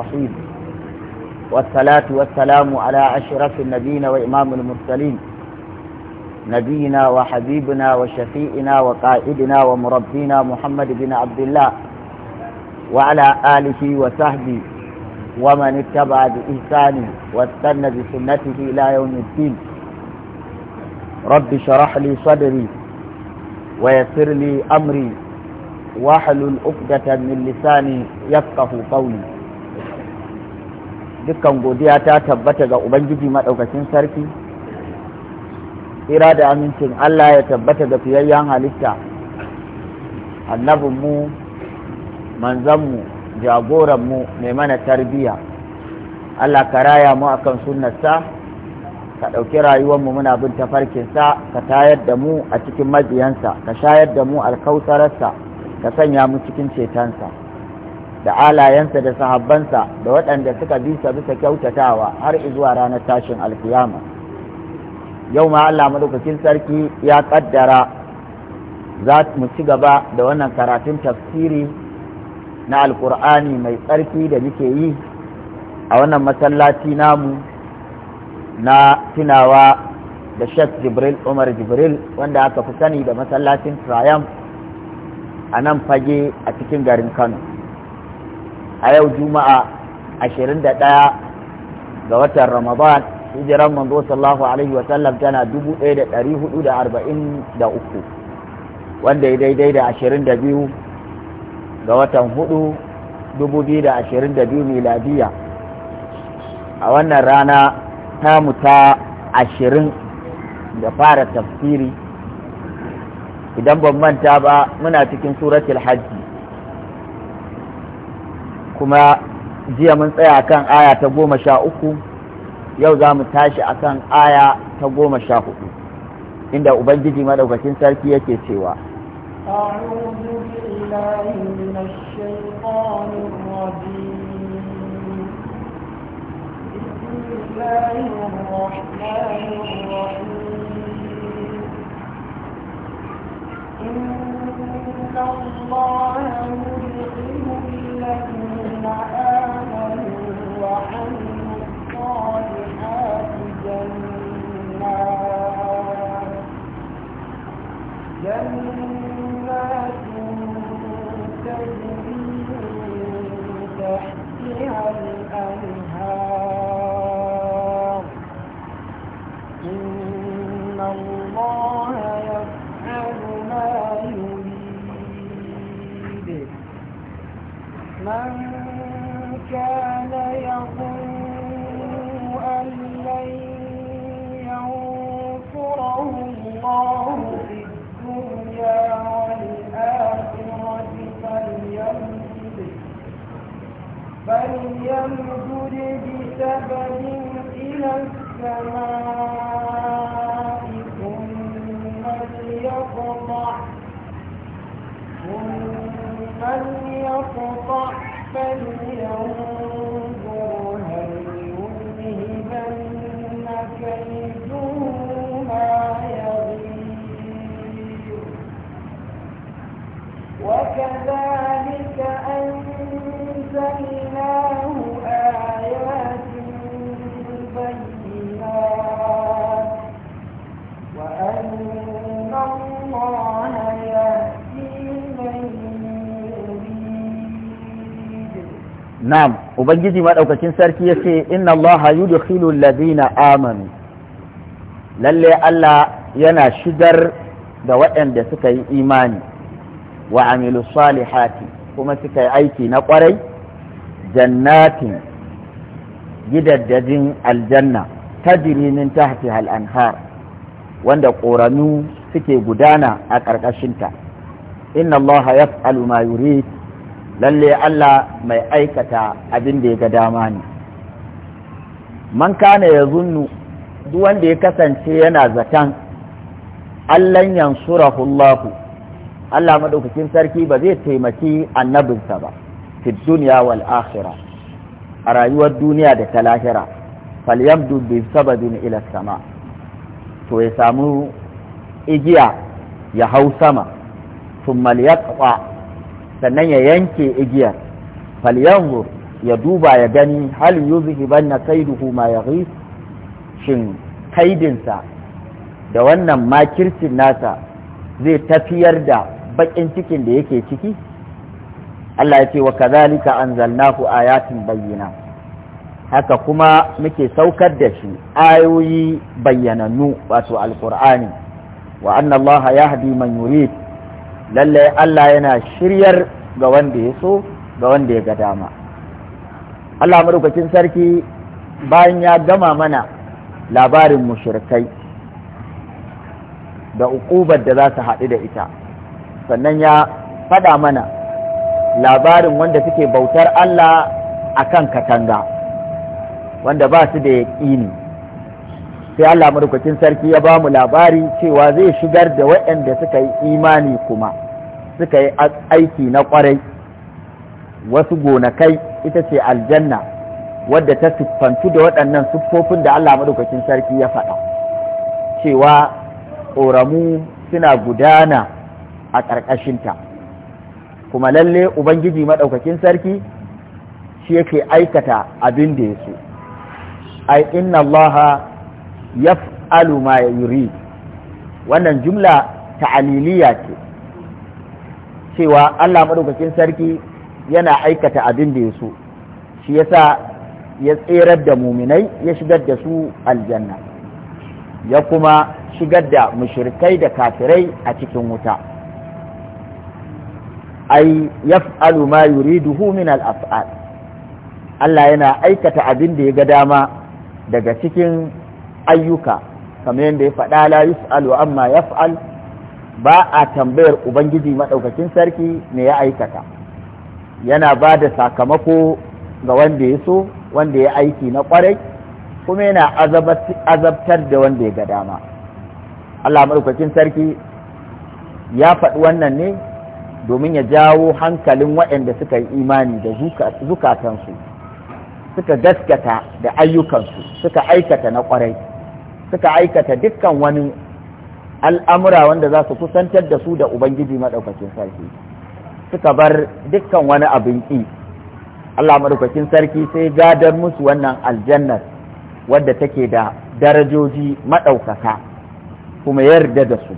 الرحيم والصلاة والسلام على أشرف النبيين وإمام المرسلين نبينا وحبيبنا وشفيئنا وقائدنا ومربينا محمد بن عبد الله وعلى آله وصحبه ومن اتبع بإحسانه واستنى بسنته إلى يوم الدين رب شرح لي صدري ويسر لي أمري واحلل عقدة من لساني يفقه قولي dukkan godiya ta tabbata ga ubangiji maɗaukacin sarki Ira da amincin allah ya tabbata ga fiyayyen halitta annabinmu manzanmu jagoranmu mai mana tarbiyya allah ka raya mu akan sunnarsa ka ɗauki rayuwanmu muna bin tafarkinsa ka tayar da mu a cikin majiyansa ka shayar da mu alkautararsa ka sanya mu cikin cetonsa da alayensa da sahabbansa da waɗanda suka bi sa bisa kyautatawa har zuwa ranar tashin alkiyama yau ma Allah madaukakin sarki ya kaddara za mu ci gaba da wannan karatun tafsiri na alkur'ani mai tsarki da muke yi a wannan masallaci namu na tunawa da Sheikh Jibril Umar Jibril wanda aka fi sani da masallacin Triumph a nan fage a cikin garin Kano a yau juma'a 21 ga watan ramadan hijiran manzo sallallahu alaihi wa sallam tana 1443 wanda ya daidai da 22 ga watan 4 2022 miladiya a wannan rana tamu ta 20 da fara tafsiri idan ban manta ba muna cikin suratul hajji kuma jiya mun tsaya kan aya ta goma sha uku yau za mu tashi a kan aya ta goma sha hudu inda ubangiji madaukakin sarki yake cewa الله جنات جنات تجري من تحتها الأنهار إن الله يفعل ما يريد من كان يظن الله في الدنيا والآخرة فليمدد بسبب إلى السماء ثم ليقطع ثم ليقطع فليوم نعم وبنجي ما دوكاكين ya yace Inna allaha yudkhilu alladhina amanu, lalle Allah yana shigar da waɗanda suka yi imani wa amilu salihati kuma suka yi aiki na kwarai jannatin gidaddajin aljanna ta min ta al-anhar wanda ƙoranu suke gudana a ƙarƙashinta inna Allah yaf'alu ma yurid lalle Allah mai aikata abin da ya ga dama ne man kana ya zunnu duk wanda ya kasance yana zaton allan yansurahu Allah Allah madaukakin sarki ba zai taimaki annabinsa ba fi dunya wal akhirah a rayuwar duniya da ta lahira falyabdu bi sabadin ila sama to ya samu igiya ya hau sama thumma liyaqwa sannan ya yanke igiyar falyanzur ya duba ya gani hal yuzhibanna kaiduhu ma yaghis shin kaidinsa da wannan makircin nasa zai tafiyar da bakin cikin da yake ciki Allah ya ce wa kazalika anzalnahu ayatin bayyana haka kuma muke saukar da shi ayoyi bayyanannu wato alkur'ani wa anna Allah yahdi man yurid lalle Allah yana shiryar ga wanda ya so ga wanda ya ga dama Allah madaukakin sarki bayan ya gama mana labarin mushrikai da uƙubar da za su haɗu da ita sannan ya faɗa mana labarin wanda suke bautar Allah a kan katanga wanda ba su da yaƙini sai Allah marukakin sarki ya ba mu labari cewa zai shigar da waɗanda suka yi imani kuma suka yi aiki na ƙwarai wasu gonakai ita ce aljanna wadda ta siffantu da waɗannan siffofin da Allah marukakin sarki ya faɗa cewa ƙoramu suna gudana a ƙarƙashinta. kuma lalle ubangiji maɗaukakin sarki shi yake aikata abin da ya so ai inna allaha yaf'alu ma yuri wannan jumla ta'aliliya ce cewa allah maɗaukakin sarki yana aikata abin da ya so shi yasa ya tserar da muminai ya shigar da su aljanna ya kuma shigar da mushirkai da kafirai a cikin wuta ai yaf'alu ma yuriduhu min al-af'al Allah yana aikata abin da ya ga dama daga cikin ayyuka kamar yadda ya faɗa la yus'alu amma yaf'al ba a tambayar ubangiji maɗaukakin sarki me ya aikata yana ba da sakamako ga wanda ya so wanda ya aiki na kwarai kuma yana azabtar da wanda ya ga dama Allah maɗaukakin sarki ya faɗi wannan ne domin ya jawo hankalin waɗanda suka yi imani da zukatansu suka gaskata da ayyukansu suka aikata na ƙwarai suka aikata dukkan wani al'amura wanda za su kusantar da su da ubangiji maɗaukakin sarki suka bar dukkan wani abin ƙi allah maɗaukakin sarki sai gadar musu wannan aljannar wadda take da darajoji maɗaukaka kuma yarda da su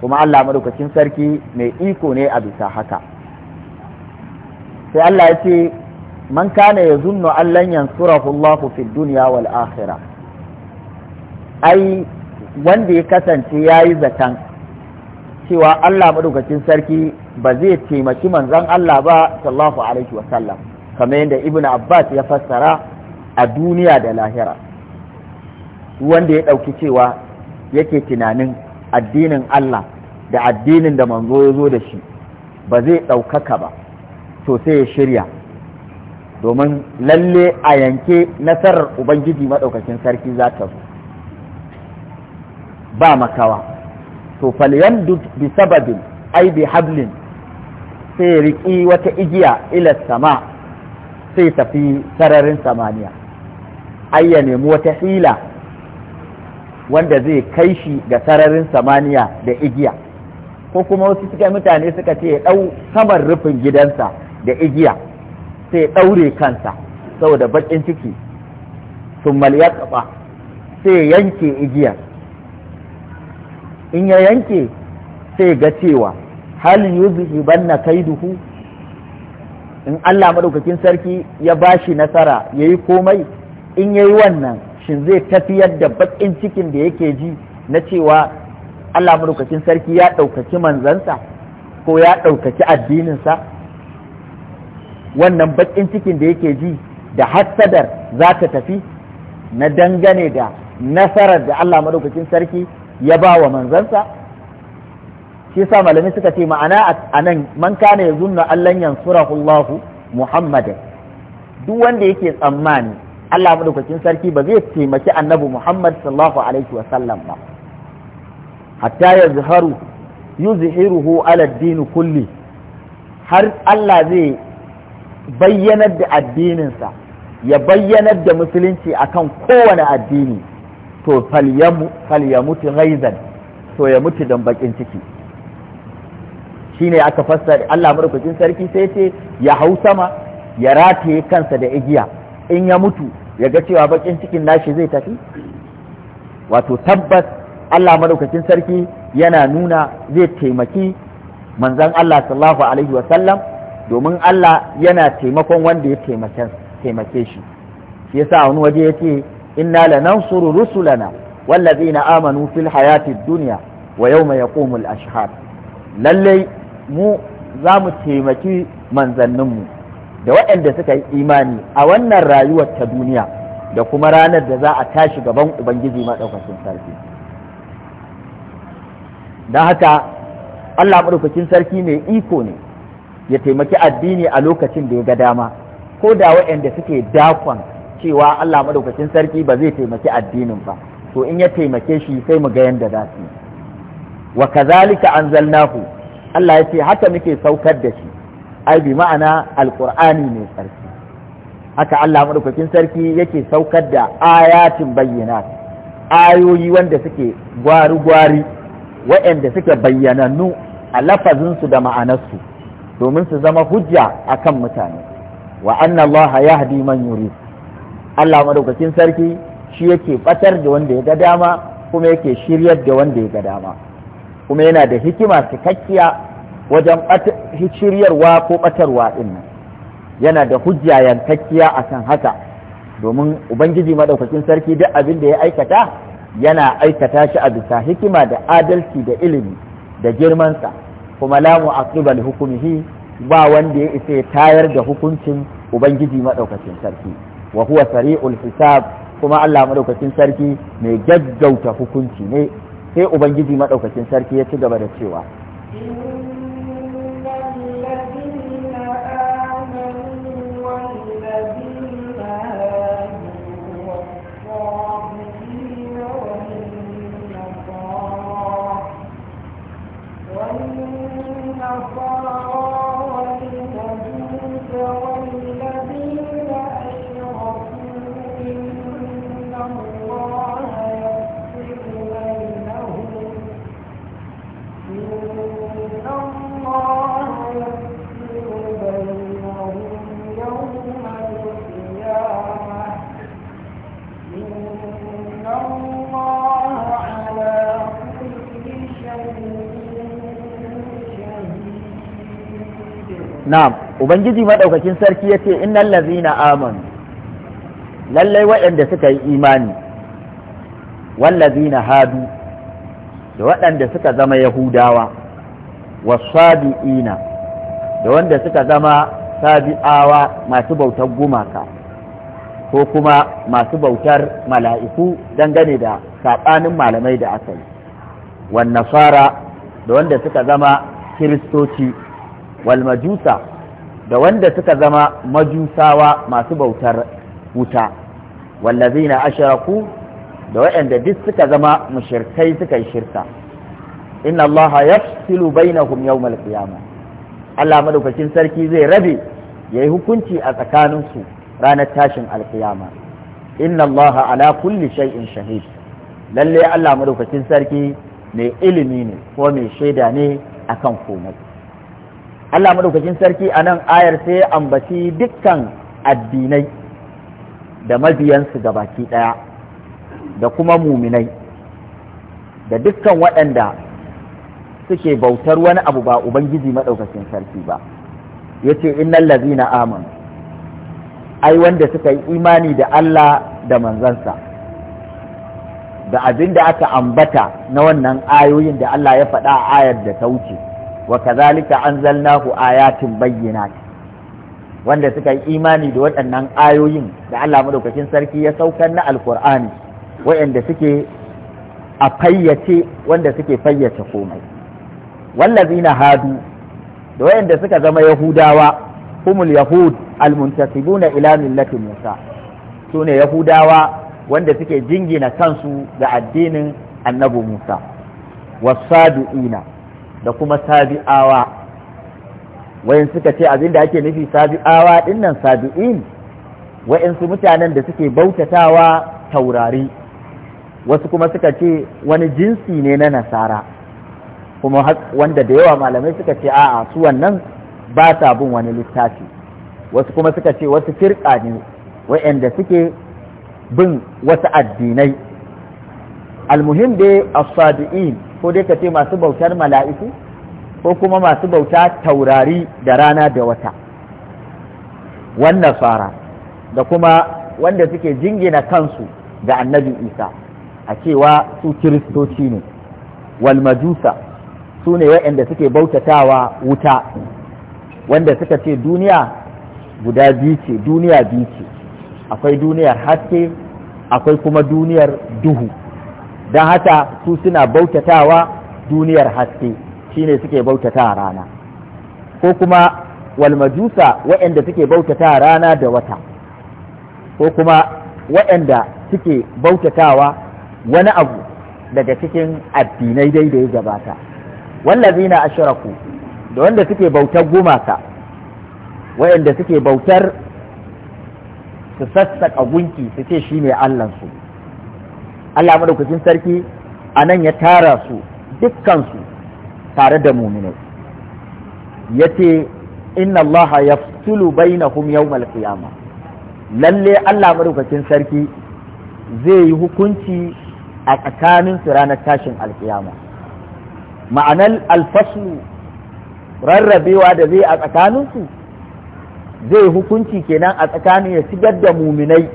kuma Allah madaukakin sarki mai iko ne a bisa haka sai Allah ya ce man kana ya zunnu allan yansurahu Allah fi dunya wal akhirah ai wanda ya kasance yayi zaton cewa Allah madaukakin sarki ba zai taimaki manzon Allah ba sallallahu alaihi wa sallam kamar yadda Ibn Abbas ya fassara a duniya da lahira wanda ya ɗauki cewa yake tunanin addinin Allah da addinin da manzo ya zo da shi ba zai ɗaukaka ba to sai ya shirya domin lalle a yanke nasarar ubangiji maɗaukakin sarki za ta zo ba makawa to duk bi sababin ai bi hablin sai riƙi wata igiya ila sama sai tafi sararin samaniya ai ya nemi wata hila wanda zai kai shi ga sararin samaniya da igiya ko kuma wasu suka mutane suka ce ya ɗau saman rufin gidansa da igiya sai ya kansa saboda baƙin ciki sun ya kaba. sai yanke igiyar in ya yanke sai ga cewa hal kai duhu in Allah maɗaukakin sarki ya bashi nasara yayi komai in yayi wannan shin zai tafiyar da bakin cikin da yake ji na cewa Allah madaukakin sarki ya ɗaukaki manzansa ko ya ɗaukaki addininsa wannan bakin cikin da yake ji da hassadar za ta tafi na dangane da nasarar da Allah madaukakin sarki ya ba wa manzansa shi sa malami suka ce ma'ana a nan man kana ya zunna Allah yansurahu Allah duk wanda yake tsammani Allah madaukakin sarki ba zai taimaki annabi Muhammad sallallahu alaihi wa sallam ba hatta zuharu yuzhiruhu ala ad-din kulli har Allah zai bayyanar da addininsa ya bayyanar da musulunci akan kowane addini to falyamutu ghaizan to ya mutu don bakin ciki shine aka fassara Allah madaukakin sarki sai ce ya hau sama ya rataye kansa da igiya in ya mutu ya ga cewa bakin cikin nashi zai tafi wato tabbas Allah madaukakin sarki yana nuna zai taimaki manzan Allah sallallahu alaihi wasallam domin Allah yana taimakon wanda ya taimake shi shi yasa wani waje yake inna lanansuru rusulana wallazina amanu fil hayati dunya wa yawma yaqumul ashhad lallai mu za mu taimaki manzanninmu da waɗanda suka yi imani a wannan rayuwar ta duniya da kuma ranar da za a tashi gaban ubangiji maɗaukakin sarki don haka allah maɗaukakin sarki mai iko ne ya taimaki addini a lokacin da ya ga dama ko da waɗanda suke dakon cewa allah maɗaukakin sarki ba zai taimaki addinin ba to in ya taimake shi sai mu ga yadda za su yi wa kazalika anzalnahu allah ya ce haka muke saukar da shi ai bi ma'ana alqur'ani mai tsarki haka Allah madaukakin sarki yake saukar da ayatin bayyana ayoyi wanda suke gwari-gwari wayanda suke bayyanannu a lafazinsu da ma'anarsu domin su zama hujja a kan mutane wa anna ya hadi man yuri Allah madaukakin sarki shi yake batar da wanda ya ga dama kuma yake shiryar da wanda ya ga dama kuma yana da hikima cikakkiya wajen shiryarwa ko batarwa ɗin yana da hujja yankakkiya kan haka domin ubangiji maɗaukakin sarki duk abin da ya aikata yana aikata shi a bisa hikima da adalci da ilimi da girmansa kuma lamu tsibar hukumihi ba wanda ya isa ya tayar da hukuncin ubangiji maɗaukakin sarki wa huwa sari'ul hisab kuma Allah maɗaukakin sarki mai gaggauta hukunci ne sai ubangiji maɗaukakin sarki ya ci gaba da cewa na'am ubangiji madaukakin sarki yace innal ladzina amanu lallai waɗanda suka yi imani na hadu da waɗanda suka zama yahudawa wasabi'ina da wanda suka zama sabi'awa masu bautar gumaka ko kuma masu bautar mala'iku dangane da saɓanin malamai da asali wan nasara da wanda suka zama kiristoci walmajusa da wanda suka zama majusawa masu bautar wuta wallazina ashraku da wayanda duk suka zama mushirkai suka yi shirka inna allaha yafsilu bainahum yawmal qiyamah Allah madaukakin sarki zai rabe yayi hukunci a tsakaninsu ranar tashin alƙiyama. inna allaha ala kulli shay'in shahid lalle Allah madaukakin sarki mai ilimi ne ko mai shaida ne akan komai Allah madaukakin sarki a nan ayar sai ya ambaci dukkan addinai da mabiyansu ga baki ɗaya da kuma muminai da dukkan waɗanda suke bautar wani abu ba Ubangiji maɗaukakin sarki ba ya ce innal lazina aman ai wanda suka yi imani da Allah da manzansa. da abin da aka ambata na wannan ayoyin da Allah ya faɗa a ayar da ta wuce wa kazalika anzalnahu ayatin bayyinat wanda suka yi imani da waɗannan ayoyin da Allah madaukakin sarki ya saukar na alkur'ani waɗanda suke a fayyace wanda suke fayyace komai wallazina hadu da waɗanda suka zama yahudawa humul yahud almuntasibuna ila millati musa sune yahudawa wanda suke jingina kansu ga addinin annabi musa wasadu'ina da kuma sabi'awa wayan suka ce abinda ake nufi sabi'awa dinnan sabi'in su mutanen da suke bautatawa taurari wasu kuma suka ce wani jinsi ne na nasara kuma wanda da yawa malamai suka ce a'a su wannan ba sa bin wani littafi wasu kuma suka ce wasu firka ne wayanda suke bin wasu addinai almuhim dai as-sabi'in ko dai ka ce masu bautar mala'iku ko kuma masu bauta taurari da rana da wata wannan fara da kuma wanda suke jingina kansu ga annabi isa a cewa su kiristoci ne walmajusa su ne waɗanda suke bautatawa wuta wanda suka ce duniya guda biyu ce duniya biyu ce akwai duniyar haske akwai kuma duniyar duhu don haka su suna bautatawa duniyar haske shine suke bautata rana ko kuma walmajusa waɗanda suke bautata rana da wata ko kuma waɗanda suke bautatawa wani abu daga cikin addinai dai da ya gabata wallazina ashraku da wanda suke bautar gumaka waɗanda suke bautar su sassaƙa gunki su ce shi ne allansu Allah madaukakin sarki a nan ya tara su dukkansu tare da muminai ya ce inna allaha ya tulu bainahum yawmal qiyama lalle Allah madaukakin sarki zai yi hukunci a tsakanin su ranar tashin alkiyama ma'anar alfaslu rarrabewa da zai a tsakaninsu zai hukunci kenan a tsakanin ya shigar da muminai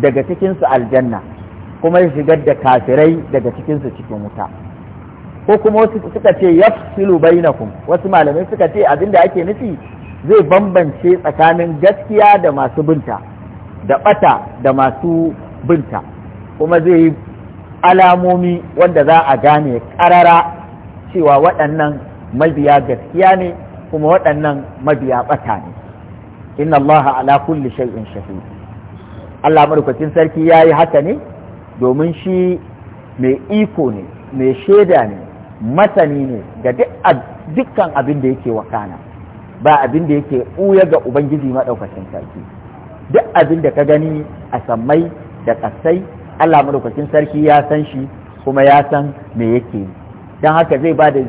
daga cikinsu aljanna kuma ya shigar da kafirai daga cikinsu cikin wuta ko kuma wasu suka ce yafsilu bainakum wasu malamai suka ce abinda ake nufi zai bambance tsakanin gaskiya da masu binta da bata da masu binta kuma zai yi alamomi wanda za a gane karara cewa waɗannan mabiya gaskiya ne kuma waɗannan mabiya bata ne inna allaha ala kulli shay'in shahid Allah madaukakin sarki ya yi haka ne domin shi mai iko ne mai shaida ne masani ne ga dukkan abin da yake wakana ba abin da yake ɓuya ga ubangiji maɗaukacin sarki duk abin da ka gani a sammai da ƙasai allah maɗaukacin sarki ya san shi kuma ya san me yake don haka zai ba da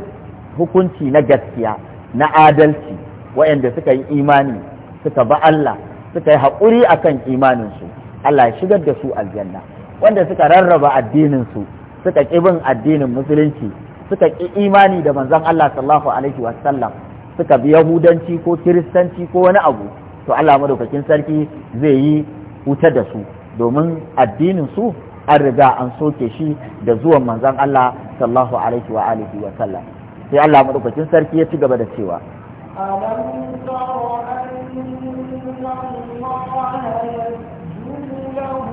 hukunci na gaskiya na adalci waɗanda suka yi imani suka ba allah suka yi haƙuri akan imaninsu allah ya shigar da su aljanna wanda suka rarraba addininsu suka ƙi bin addinin musulunci suka ƙi imani da manzon Allah sallallahu alaihi wasallam suka bi yahudanci ko kiristanci ko wani abu to Allah madaukakin sarki zai yi wuta da su domin addinin su an riga an soke shi da zuwan manzon Allah sallallahu alaihi wa alihi wa sai Allah madaukakin sarki ya ci gaba da cewa ألم تر أن الله يسجد له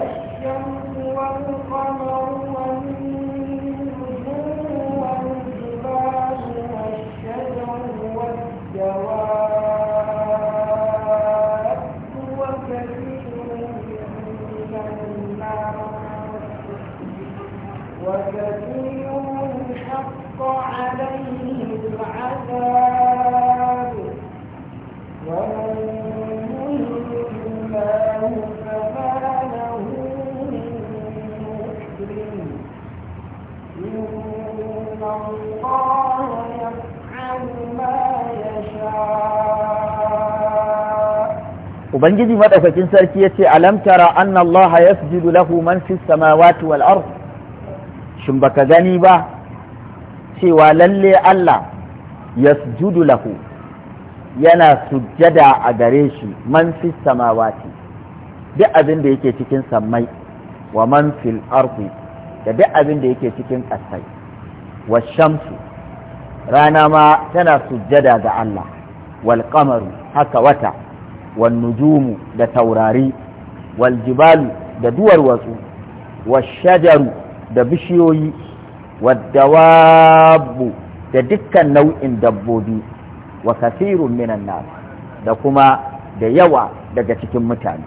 والقمر والنجوم والجبال والشجر والدواب وكثير من وكثير حق عليه العذاب ubangiji madaukakin sarki yace alam tara anna allaha yasjudu lahu man fis samawati wal ard shin baka gani ba cewa lalle Allah yasjudu lahu yana sujjada a gare shi man fis samawati duk abin da yake cikin sammai wa man fil ardi da duk abin da yake cikin ƙasai wa shamsu rana ma tana sujjada ga Allah wal qamaru haka wata wan nujumu da taurari waljibalu da duwar watsu washajaru da bishiyoyi wadawabu da dukkan nau'in dabbobi wa kasirun minan nas da kuma da yawa daga cikin mutane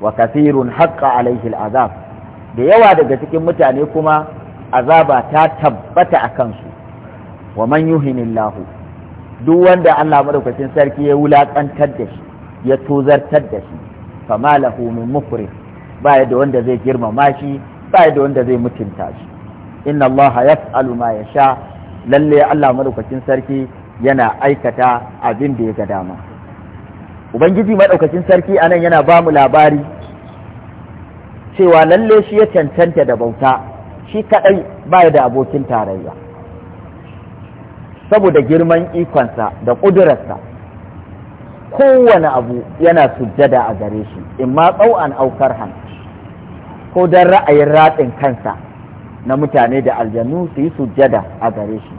wa kasirun haqqa alaihi azab, da yawa daga cikin mutane kuma azaba ta tabbata a kansu wa man yuhinillahu duk wanda Allah madaukakin sarki ya wulakantar da shi ya tuzartar da shi fama lahu min mukrim ba da wanda zai girmama shi ba da wanda zai mutunta shi inna allaha yaf'alu ma yasha lalle Allah madaukakin sarki yana aikata abin da ya ga dama ubangiji madaukakin sarki anan yana ba mu labari cewa lalle shi ya cancanta da bauta shi kadai ba da abokin tarayya saboda girman ikonsa da ƙudurarsa kowane abu yana sujjada a gare shi in ma tsau'an aukar han ko don ra'ayin ratsin kansa na mutane da aljanu su yi sujjada a gare shi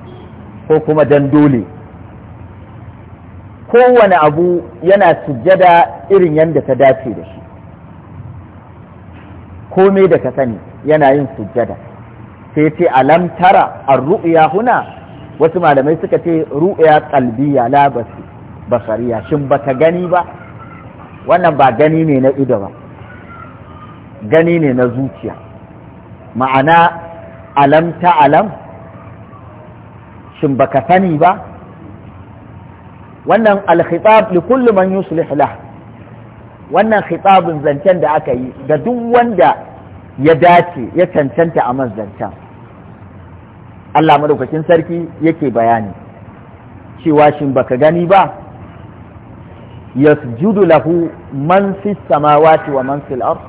ko kuma don dole kowane abu yana sujjada irin yadda ta dace da shi komai da ka sani yana yin sujjada sai ce alam tara ar ru'ya huna wasu malamai suka ce ru'ya qalbiya la basariya shin ka gani ba wannan ba gani ne na ido ba gani ne na zuciya ma'ana alam ta alam shin ka sani ba wannan alkhitab li kulli man yuslih lah wannan khitabin zancen da aka yi ga duk wanda ya dace ya cancanta a zancen Allah madaukakin sarki yake bayani cewa shin baka gani ba yasjudu lahu man fi samawati wa man fil ard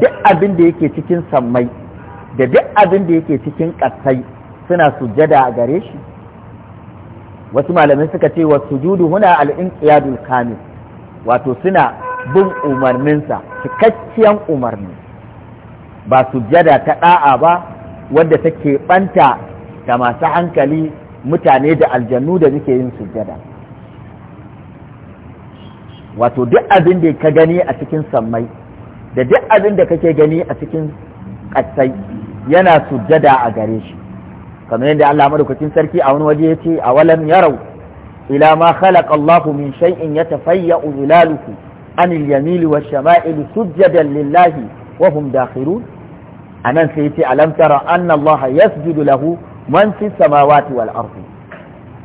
duk abin da yake cikin sammai da duk abin da yake cikin kasai suna sujada a gare shi wasu malamai suka ce wa sujudu huna al-inqiyadul kamil wato suna bin umarninsa cikakken umarni ba sujada ta ɗa'a ba wadda take ɓanta da masu hankali mutane da aljannu da suke yin sujada. wato duk abin da ka gani a cikin sammai da duk abin da kake gani a cikin ƙasai yana sujjada a gare shi kamar yadda Allah madaukakin sarki a wani waje yace a walam yarau ila ma khalaqa min shay'in yatafayyu zilaluhu an al-yamin wa shama'il sujjadan lillahi wa hum dakhirun anan sai yace alam tara anna Allah yasjudu lahu man fi samawati wal ardi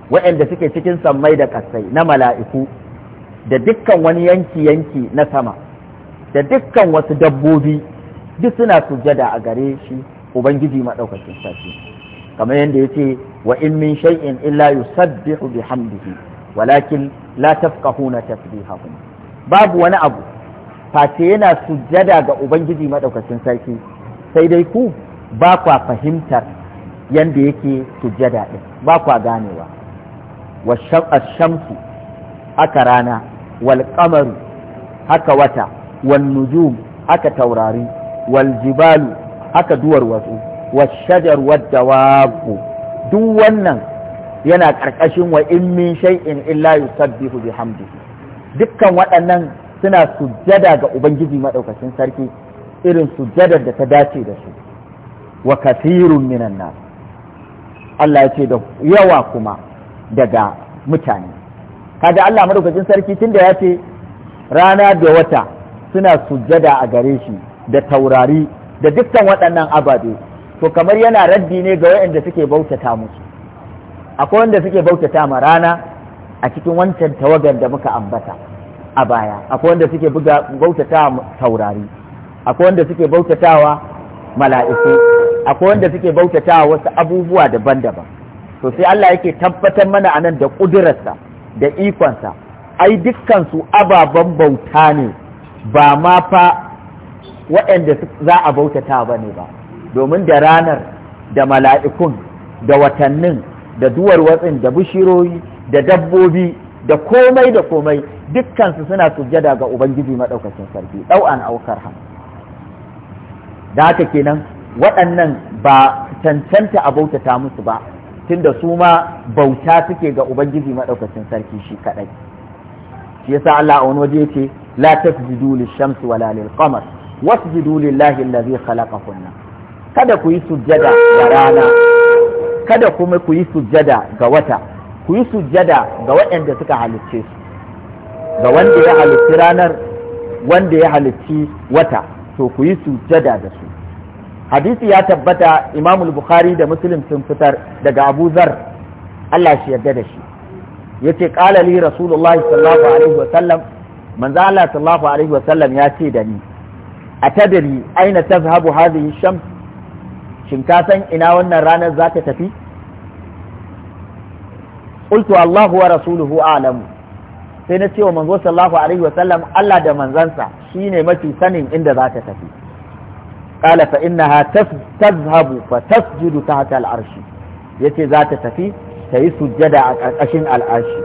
wa'anda suke cikin sammai da ƙasai na mala'iku da dukkan wani yanki yanki na sama da dukkan wasu dabbobi duk suna sujada a gare shi ubangiji maɗaukacin sarki kamar yadda yace wa in min shay'in illa yusabbihu bihamdihi walakin la tafqahuna tasbihahum babu wani abu face yana sujada ga ubangiji maɗaukacin sarki sai dai ku ba kwa fahimtar yadda yake sujada ɗin ba kwa ganewa wa shamsu aka rana wal qamaru haka wata wan nujum haka taurari wal jibalu haka duwar wasu was shajar wad duk wannan yana ƙarƙashin wa in min shay'in illa yusabbihu bihamdihi dukkan waɗannan suna sujjada ga ubangiji madaukakin sarki irin sujjadar da ta dace da su wa kathirun minan nas Allah ya ce da yawa kuma daga mutane Kada Allah madaukakin sarki tun da ya ce rana da wata suna sujjada a gare shi da taurari da dukkan waɗannan ababe to kamar yana raddi ne ga waɗanda suke bautata musu akwai wanda suke bautata ma rana a cikin wancan tawagar da muka ambata a baya akwai wanda suke buga bautata taurari akwai wanda suke bautatawa mala'iku akwai wanda suke bautatawa wasu abubuwa daban-daban to sai Allah yake tabbatar mana anan da ƙudurarsa da ikonsa ai dukkansu ababen bauta ne ba ma fa waɗanda za a bautata ba ne ba domin da ranar da mala'ikun da watannin da duwar watsin da bishiroyi da dabbobi da komai da komai dukkansu suna sujada ga ubangiji maɗaukacin sarki ɗau'an aukar ham da haka kenan waɗannan ba cancanta a bautata musu ba da su ma bauta suke ga ubangiji maɗaukacin sarki shi kaɗai, shi yasa Allah a wani waje ce, la tasjudu lish Shamsu wala lil-qamar wasjudu zai kalaƙa kunna, kada ku yi sujjada ga rana kada kuma ku yi sujjada ga wata ku yi sujjada ga waɗanda suka halicce su ga wanda ya halicci ranar wanda ya halicci wata to ku yi sujjada da su hadisi ya tabbata imamul bukhari da muslim sun fitar daga abu zar Allah shi yarda da shi yace qala li rasulullahi sallallahu alaihi wa sallam manzo Allah sallallahu alaihi wa sallam ya ce da ni A atadri aina tazhabu hadhihi shams shin ka san ina wannan ranar za ta tafi qultu Allahu wa rasuluhu a'lamu sai na ce wa manzo sallallahu alaihi wa sallam Allah da manzansa shine mafi sanin inda za ta tafi qala fa innaha tazhabu fa tasjudu tahta al'arshi yace za ta tafi ta yi sujjada a ƙarƙashin al'arshi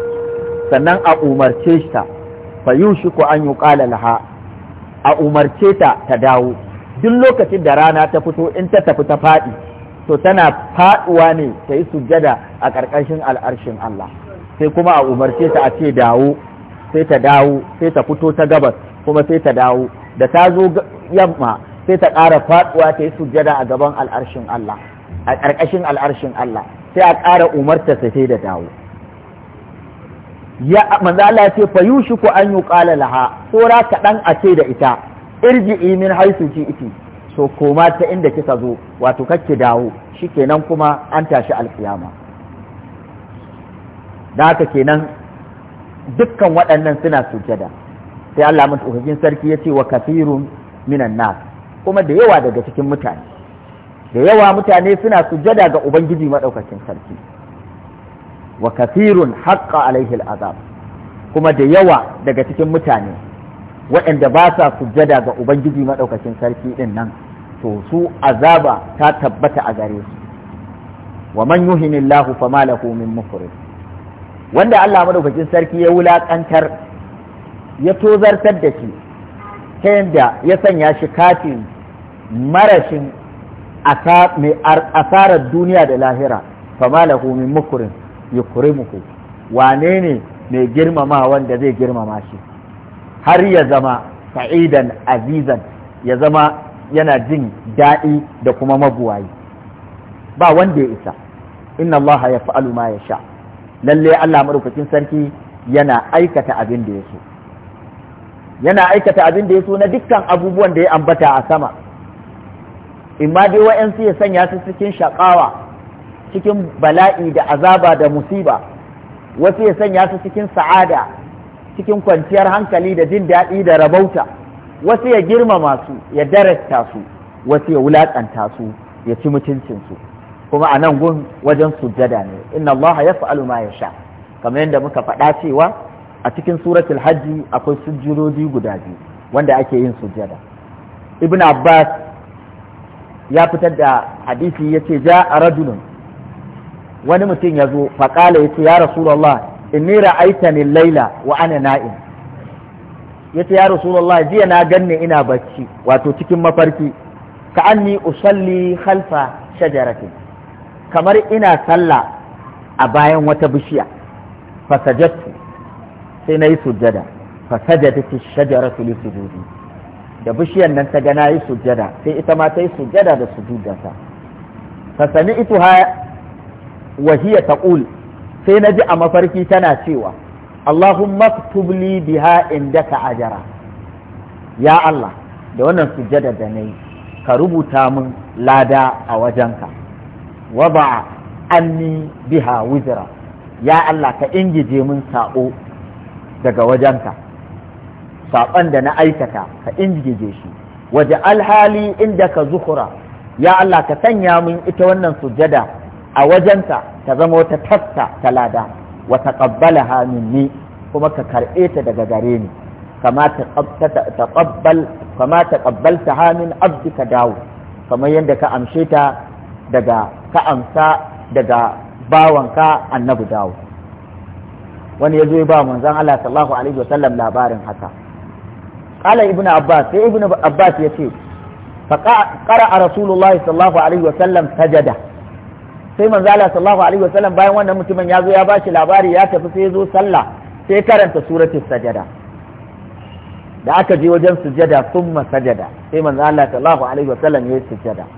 sannan a umarce ta fa yushiku an yuqala laha a umarce ta ta dawo duk lokacin da rana ta fito in ta tafi ta faɗi to tana faɗuwa ne ta yi sujjada a ƙarƙashin al'arshin Allah sai kuma a umarce ta a ce dawo sai ta dawo sai ta fito ta gabas kuma sai ta dawo da ta zo yamma sai ta ƙara faɗuwa ta yi sujjada a gaban al'arshin Allah a ƙarƙashin al'arshin Allah sai a ƙara umarta ta sai da dawo ya manzo Allah ce fa yushiku an yuqala laha tsora kaɗan a ce da ita irji min haisu iti so koma ta inda kika zo wato kake dawo shikenan kuma an tashi alkiyama da haka kenan dukkan waɗannan suna sujjada sai Allah mutukin sarki ya ce wa kafirun minan nas kuma da yawa daga cikin mutane da yawa mutane suna sujada ga ubangiji maɗaukacin sarki wa kafirun haƙƙa alaihi azab kuma da yawa daga cikin mutane waɗanda ba sa sujada ga ubangiji maɗaukakin sarki ɗin nan to su azaba ta tabbata a gare su wa man yuhinillahu fa lahu min mukrim wanda Allah madaukakin sarki ya wulaƙantar ya tozartar da shi ta yadda ya sanya shi kafin marashin asarar duniya da lahira fama lahu min mukurin yukrimuhu wane ne mai girmama wanda zai girmama shi har ya zama sa'idan azizan ya zama yana jin daɗi da kuma maguwayi ba wanda ya isa inna Allah ya fa'alu ma ya sha lalle Allah marukacin sarki yana aikata abin da ya so yana aikata abin da ya so na dukkan abubuwan da ya ambata a sama ma dai wa'yansu ya sanya su cikin shaƙawa cikin bala'i da azaba da musiba wasu ya sanya su cikin sa'ada cikin kwanciyar hankali da jin daɗi da rabauta wasu ya girmama su ya darasta su wasu ya wulaƙanta su ya ci mutuncinsu kuma a nan gun wajen sujjada ne inna allaha fa'alu ma sha kamar yadda muka faɗa cewa a cikin suratul hajji akwai sujjudoji guda biyu wanda ake yin sujjada ibn abbas ya fitar da hadisi ya ce ja a rajulun wani mutum ya zo faƙala ya ce ya rasulallah inni ra'aitani laila wa ana na'im ya ce ya rasulallah jiya na ganne ina bacci wato cikin mafarki ka anni usalli khalfa shajaratin kamar ina sallah a bayan wata bishiya fasajattu sai na yi sujjada fasajadatu shajaratu li sujudi da bishiyar nan ta gana yi sujada, sai ita ma ta yi sujjada da sujudarta fa sani itu ha wahiya taqul sai naji a mafarki tana cewa Allahumma tubli li biha indaka ajara ya Allah da wannan sujada da nayi ka rubuta min lada a wajenka waba anni biha wizra ya Allah ka ingije min sa'o daga wajenka saban da na aikata ka injige shi waje alhali inda ka zuhura ya Allah ka sanya min ita wannan sujada a wajenta ta zama wata tafta ta lada wa taqabbalaha minni kuma ka karɓe ta daga gare ni kama taqabbal kama taqabbaltaha min abdika dawo kamar yadda ka amshe ta daga ka amsa daga bawanka annabi dawo wani ya zo ya ba manzon Allah sallallahu alaihi wasallam labarin haka qala ibnu abbas sai ibnu abbas yace fa qara'a rasulullahi sallallahu alaihi wasallam sajada sai manzo Allah sallallahu alaihi wasallam bayan wannan mutumin ya zo ya bashi labari ya tafi sai ya zo sallah sai karanta suratul sajada da aka je wajen sujada summa sajada sai manzo Allah sallallahu alaihi wasallam ya sujada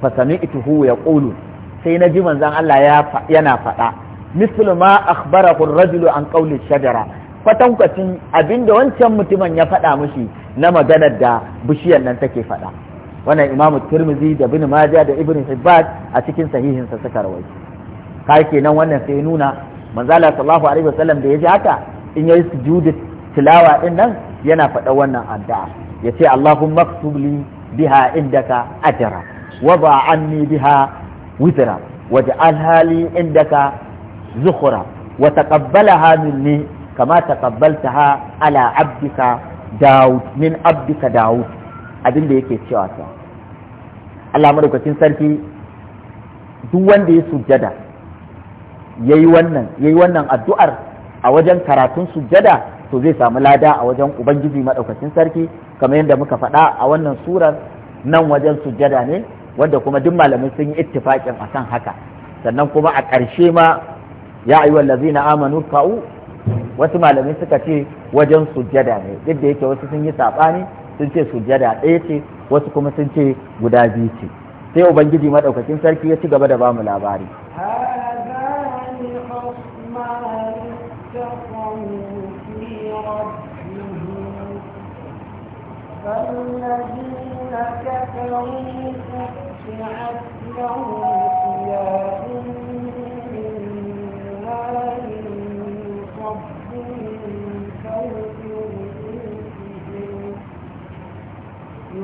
fa sami'tuhu yaqulu sai na ji manzon Allah ya yana fada mislu ma akhbarahu ar-rajulu an qawli shajara kwatankwacin abinda wancan mutumin ya faɗa mushi na maganar da bishiyar nan take faɗa wannan imamu tirmizi da bin maja da ibn hibbat a cikin sahihinsa suka Ka ke kenan wannan sai nuna manzala sallallahu alaihi wasallam da yaji haka in yayi sujudi tilawa din nan yana faɗa wannan addu'a yace allahumma ktub li biha indaka ajra wada anni biha wizra waj'alha li indaka zukhra wa taqabbalaha minni كما تقبلتها ala عبدك داود min عبدك داود abin da yake cewa ta Allah madaukakin sarki duk wanda ya sujjada yayi wannan yayi wannan addu'ar a wajen karatun sujjada to zai samu lada a wajen ubangiji madaukakin sarki kamar yadda muka faɗa a wannan surar nan wajen sujjada ne wanda kuma duk malamai sun yi ittifaqin akan haka sannan kuma a ƙarshe ma ya ayyuhal ladzina amanu fa'u wasu malamai suka ce wajen sujjada ne duk da yake wasu sun yi saɓani sun ce sujjada ɗaya ce wasu kuma sun ce guda biyu ce sai ubangiji maɗaukakin sarki ya ci gaba da bamu labari فالذين كفروا لهم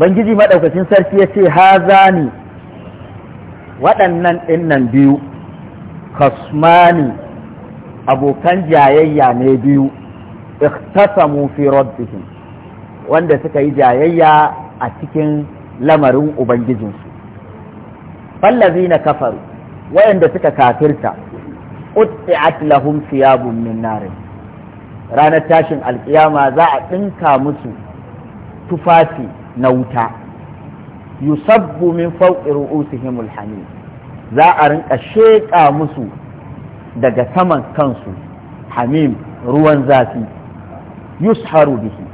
ubangiji maɗaukacin sarki ya ce hazani waɗannan ɗinnan biyu kasmani abokan jayayya ne biyu iktasamu fi rabbihim wanda suka yi jayayya a cikin lamarin ubangijinsu fallazi na kafaru wayanda suka kafirta qutti'at lahum thiyabun min nar ranar tashin alkiyama za a ɗinka musu tufafi na wuta yusabbu min fawqi ru'usihim alhamim za a rinka sheƙa musu daga saman kansu hamim ruwan zafi yusharu bihi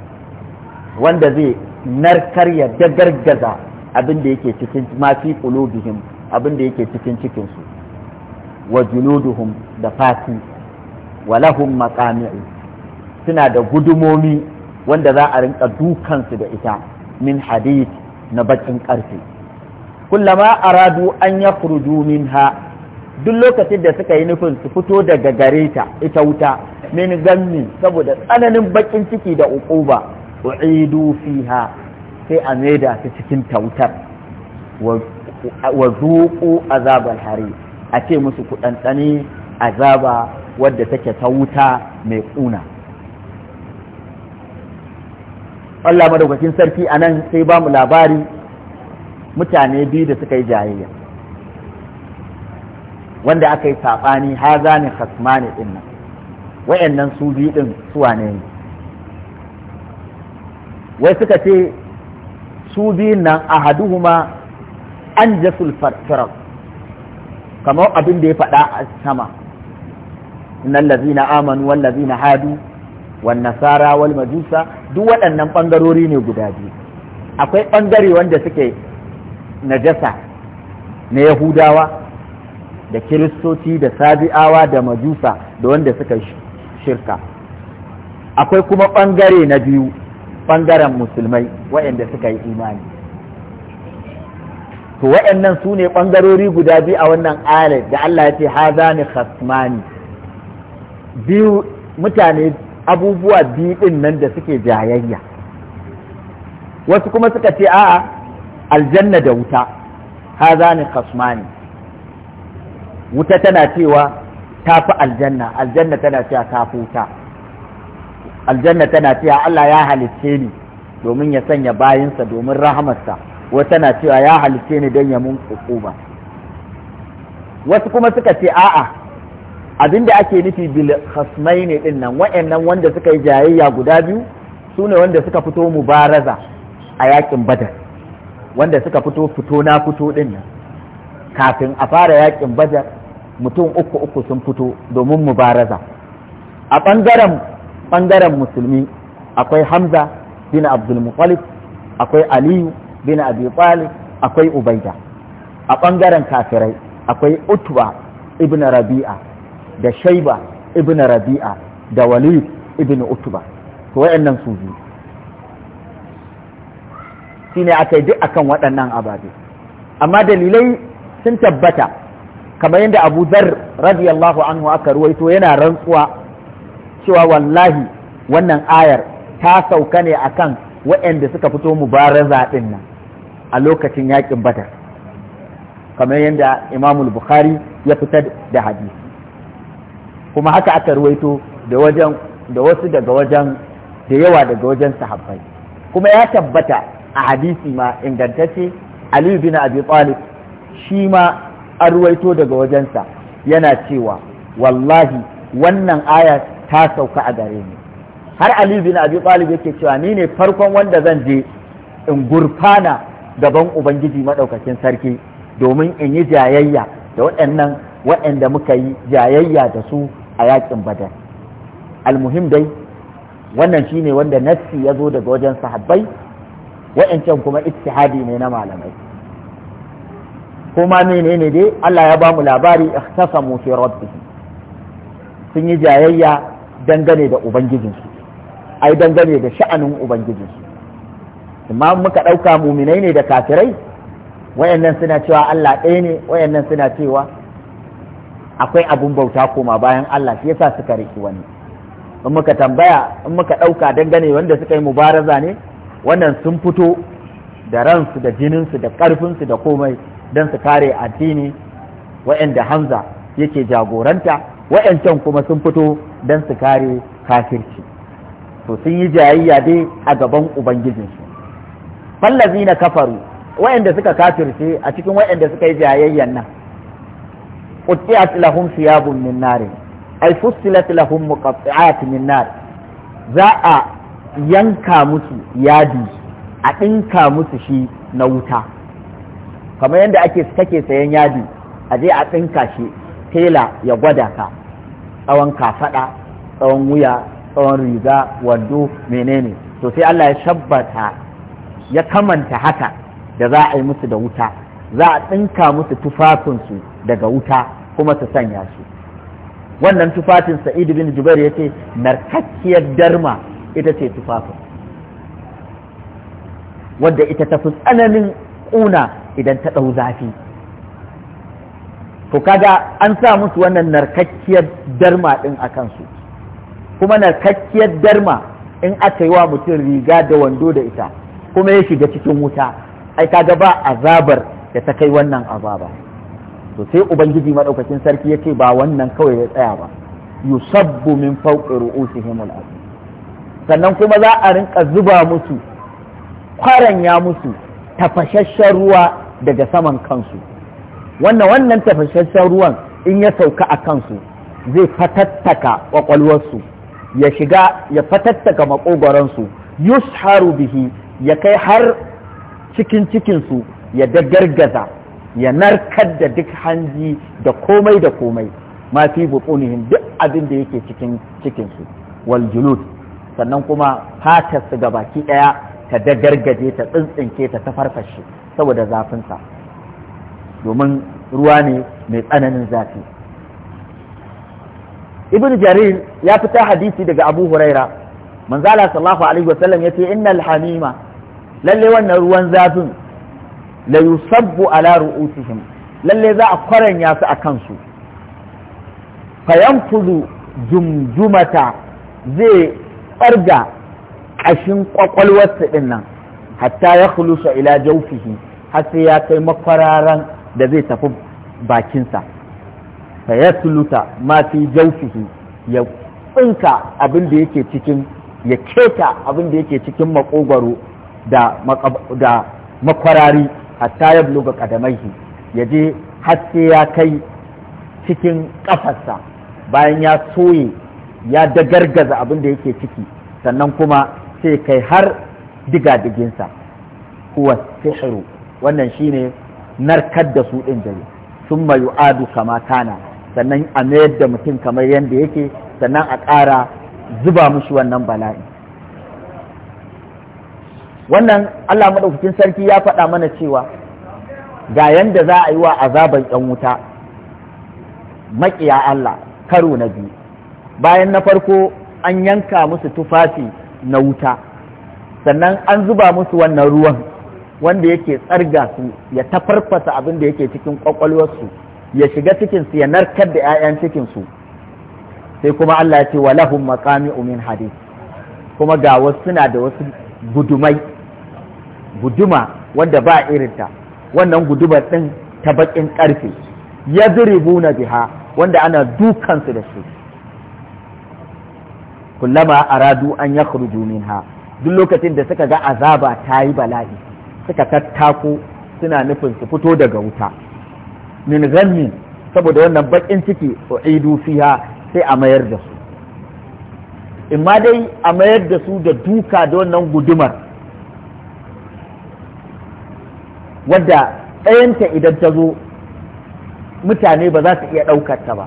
wanda zai narkar ya dagargaza abin da yake cikin mafi qulubihim abin da yake cikin cikinsu wa juluduhum da fati wa lahum maqami'u suna da gudumomi wanda za a rinka dukansu da ita min hadid na bakin karfe kullama aradu an ya minha duk lokacin da suka yi nufin su fito daga gare ta ita wuta min gammi saboda tsananin bakin ciki da uquba u'idu fiha sai a maida su cikin tautar wa zuqu azabal hari a ce musu kuɗanɗani azaba wadda take ta wuta mai kuna Allah madaukakin sarki a nan sai ba mu labari mutane biyu da suka yi jayayya wanda aka yi saɓani haza ne hasmani ɗin nan wa'annan su biyu ɗin suwa ne wai suka ce su biyun nan a haduhuma an jasul firar kamar abin da ya faɗa a sama innal lazina amanu wal hadu wan nasara wal majusa duk waɗannan ɓangarori ne guda biyu akwai ɓangare wanda suke najasa na yahudawa da kiristoci da sabi'awa da majusa da wanda suka shirka akwai kuma ɓangare na biyu ɓangaren musulmai waɗanda suka yi imani to waɗannan su ne ɓangarori guda biyu a wannan ayar da Allah ya ce hazani khasmani biyu mutane abubuwa biyu ɗin nan da suke jayayya wasu kuma suka ce a'a aljanna da wuta za ni khasmani wuta tana cewa ta fi aljanna aljanna tana cewa ta fi wuta aljanna tana cewa Allah ya halicce ni domin ya sanya bayinsa domin rahamarsa wata tana cewa ya halicce ni don ya mun kuma. wasu kuma suka ce a'a Abin da ake nufi bil khasmai ne din nan wa'annan wanda suka yi jayayya guda biyu su ne wanda suka fito mubaraza a yakin badar wanda suka fito fito na fito din nan kafin a fara yakin badar mutum uku uku sun fito domin mubaraza a bangaren bangaren musulmi akwai hamza bin Abdul muqallib akwai aliyu bin abi talib akwai ubaida a ɓangaren kafirai akwai utwa ibn rabi'a da shaiba ibn rabi'a da walid ibn utuba to wayannan su biyu shine aka yi duk akan waɗannan ababe amma dalilai sun tabbata kamar yadda abu zar radiyallahu anhu aka ruwaito yana rantsuwa cewa wallahi wannan ayar ta sauka ne akan waɗanda suka fito mubaraza ɗin nan a lokacin yaƙin badar kamar yadda imamul bukhari ya fitar da hadisi kuma haka aka ruwaito da wajen da wasu daga wajen da yawa daga wajen sahabbai kuma ya tabbata a hadisi ma ingantacce aliyu bin abi talib shi ma an ruwaito daga wajensa yana cewa wallahi wannan aya ta sauka a gare ni har aliyu bin abi talib yake cewa ni ne farkon wanda zan je in gurfana gaban ubangiji madaukakin sarki domin in yi jayayya da waɗannan waɗanda muka yi jayayya da su a yakin badar almuhim dai wannan shine wanda nassi ya zo daga wajen sahabbai wa'ancan kuma ittihadi ne na malamai kuma menene dai Allah ya ba mu labari ikhtasamu fi rabbihim sun yi jayayya dangane da ubangijinsu ai dangane da sha'anin ubangijinsu amma muka ɗauka muminai ne da kafirai wayannan suna cewa Allah ɗaya ne wayannan suna cewa akwai abun bauta koma bayan Allah shi yasa suka riki wani in muka tambaya in muka ɗauka dangane wanda suka yi mubaraza ne wannan sun fito da ransu da jininsu da ƙarfinsu da komai don su kare addini wa'anda hamza yake jagoranta wa'ancan kuma sun fito don su kare kafirci to sun yi jayayya dai a gaban ubangijinsu fallazi na kafaru wa'anda suka kafirce a cikin wa'anda suka yi jayayyan nan qutti'at lahum thiyabun min nar ay fussilat lahum muqatti'at min nar za a yanka musu yadi a ɗinka musu shi na wuta kamar yadda ake take sayan yadi a je a tsinka shi tela ya gwada ka tsawon kafaɗa tsawon wuya tsawon riga wando menene to sai Allah ya shabbata ya kamanta haka da za a yi musu da wuta za a tsinka musu tufafinsu daga wuta kuma su sanya su wannan tufafin Sa'idu bin jubair ya ce narkakkiyar darma ita ce tufafin wadda ita ta fi tsananin ƙuna idan ta ɗau zafi to kaga an sa musu wannan narkakkiyar darma ɗin a kansu kuma narkakkiyar darma in aka yi wa mutum riga da wando da ita kuma ya shiga cikin wuta ai kaga ba azabar da ta kai wannan azabar to sai ubangiji madaukakin sarki yake ba wannan kawai ya tsaya ba yusabbu min fawqi ru'usihim al sannan kuma za a rinka zuba musu kwaranya musu tafashashshen ruwa daga saman kansu wannan wannan tafashashshen ruwan in ya sauka a kansu zai fatattaka kwakwalwarsu ya shiga ya fatattaka makogoransu yusharu bihi ya kai har cikin cikinsu ya dagargaza ya narkar da duk hanji da komai da komai ma fi buƙunihin duk abin da yake cikin cikin su wal julud sannan kuma fatar su ga baki daya ta dagargaje ta tsintsinke ta ta farfashe saboda zafin sa domin ruwa ne mai tsananin zafi ibn jarir ya fita hadisi daga abu huraira manzala sallallahu alaihi wasallam yace innal hamima lalle wannan ruwan zafin la yusabbu ala ru'usihim lalle za a kwaranya su a kansu fayanfudu jumjumata zai ɓarga ƙashin ƙwaƙwalwarsa din nan hatta ya kulusa ila jawfihi har sai ya kai makwararan da zai tafi bakinsa fa suluta ma fi jaufihi ya tsinka abin da yake cikin ya keta abin da yake cikin makogwaro da makwarari hatta ya bulu shi ya je haske ya kai cikin ƙafarsa bayan ya soye ya dagargaza abin da yake ciki sannan kuma sai kai har digadiginsa huwa sihiru wannan shine narkar da su ɗin dare sun mayu adu kama kana sannan a mayar da mutum kamar yadda yake sannan a ƙara zuba mushi wannan bala'i wannan Allah madaukakin sarki ya faɗa mana cewa ga yanda za a yi wa azaban yan wuta maƙiya Allah karo na biyu bayan na farko an yanka musu tufafi na wuta sannan an zuba musu wannan ruwan wanda yake tsarga su ya tafarfasa abin da yake cikin kwakwalwarsu ya shiga cikinsu ya narkar da 'ya'yan su, sai kuma Allah ya ce wa lahum maqami min hadith kuma ga wasu suna da wasu gudumai guduma wanda ba irinta wannan guduma ɗin ta baƙin ƙarfe ya na biha wanda ana dukansu da su kullama aradu an ya minha duk lokacin da suka ga azaba ta yi bala'i suka tattako suna nufin su fito daga wuta min ganni saboda wannan baƙin ciki uidu fiha sai a mayar da su imma dai a mayar da su da duka da wannan gudumar wadda tsayanta idan ta zo mutane ba za su iya ɗaukar ta ba